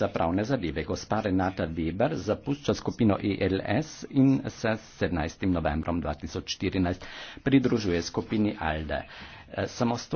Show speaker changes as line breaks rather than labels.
Za pravne zadeve gospa Renata Weber zapušča skupino ELS in se s 17. novembrom 2014 pridružuje skupini ALDE. E,
Samostor